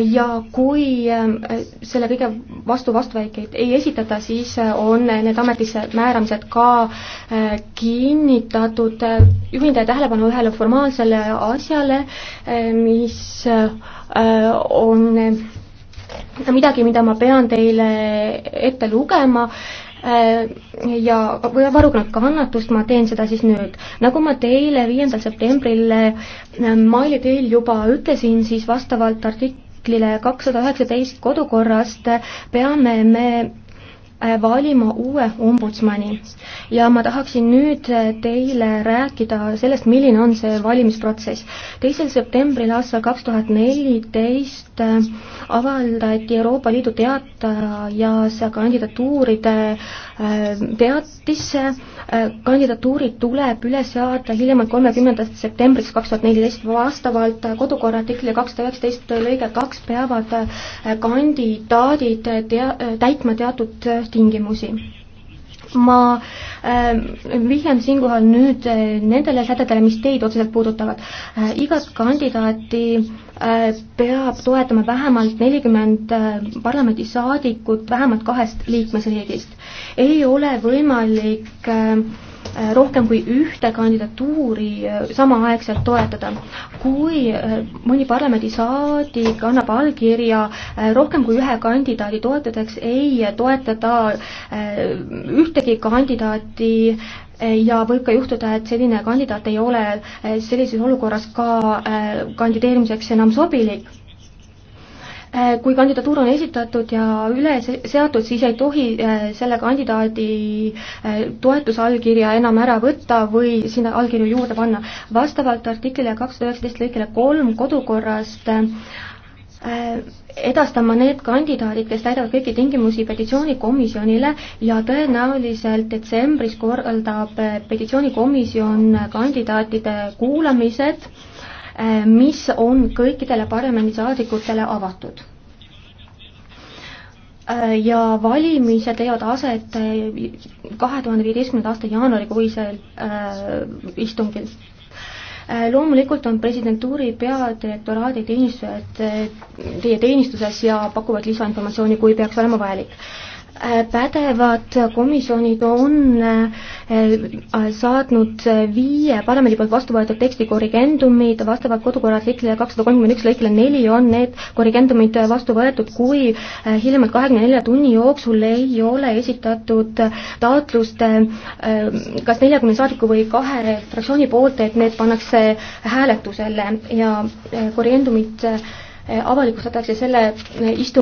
ja kui äh, selle kõige vastu vastuväikeid ei esitata, siis äh, on need ametisse määramised ka äh, kinnitatud. juhin teie tähelepanu ühele formaalsele asjale, mis on midagi, mida ma pean teile ette lugema ja varuge nad kannatust, ma teen seda siis nüüd. nagu ma teile viiendal septembril maili teel juba ütlesin, siis vastavalt artik-, artiklile kakssada üheksateist kodukorrast peame me Äh, valima uue ombudsmani. ja ma tahaksin nüüd äh, teile rääkida sellest, milline on see valimisprotsess. teisel septembril aastal kaks tuhat neliteist äh, avaldati Euroopa Liidu teatajas kandidatuuride teatisse. kandidatuurid tuleb üles seada hiljemalt kolmekümnendast septembriks kaks tuhat neliteist vastavalt kodukorra artikli kakssada üheksateist lõige kaks peavad kandidaadid tea-, täitma teatud tingimusi ma äh, vihjan siinkohal nüüd äh, nendele sätetele, mis teid otseselt puudutavad äh,. igat kandidaati äh, peab toetama vähemalt nelikümmend äh, parlamendisaadikut vähemalt kahest liikmesriigist. ei ole võimalik äh, Äh, rohkem kui ühte kandidatuuri äh, samaaegselt toetada. kui äh, mõni parlamendisaadik annab allkirja rohkem kui ühe kandidaadi toetuseks, ei toetada ühtegi kandidaati ja võib ka juhtuda, et selline kandidaat ei ole sellises olukorras ka kandideerimiseks enam sobilik Äh, kui kandidatuur on esitatud ja üle seatud, siis ei tohi äh, selle kandidaadi äh, toetusallkirja enam ära võtta või sinna allkirju juurde panna. vastavalt artiklile kakssada üheksateist lõikele kolm kodukorrast edastama need kandidaadid, kes täidavad kõiki tingimusi petitsioonikomisjonile ja tõenäoliselt detsembris korraldab petitsioonikomisjon kandidaatide kuulamised mis on kõikidele parlamendisaadikutele avatud ja valimised leiavad aset äh, kahe tuhande viieteistkümnenda aasta jaanuarikuisel äh, istungil äh, loomulikult on presidentuuri peadirektoraadi teenistujad teie teenistuses ja pakuvad lisainformatsiooni, kui peaks olema vajalik pädevad komisjonid on äh, saatnud viie parlamendi poolt vastu võetud teksti korrigendumid, vastavalt kodukorra artiklile kakssada kolmkümmend üks lõikele neli on need korrigendumid vastu võetud, kui äh, hiljemalt kahekümne nelja tunni jooksul ei ole esitatud taotlust äh, kas neljakümne saadiku või kahe fraktsiooni poolt, et need pannakse hääletusele ja korrigendumid avalikustatakse selle istu-...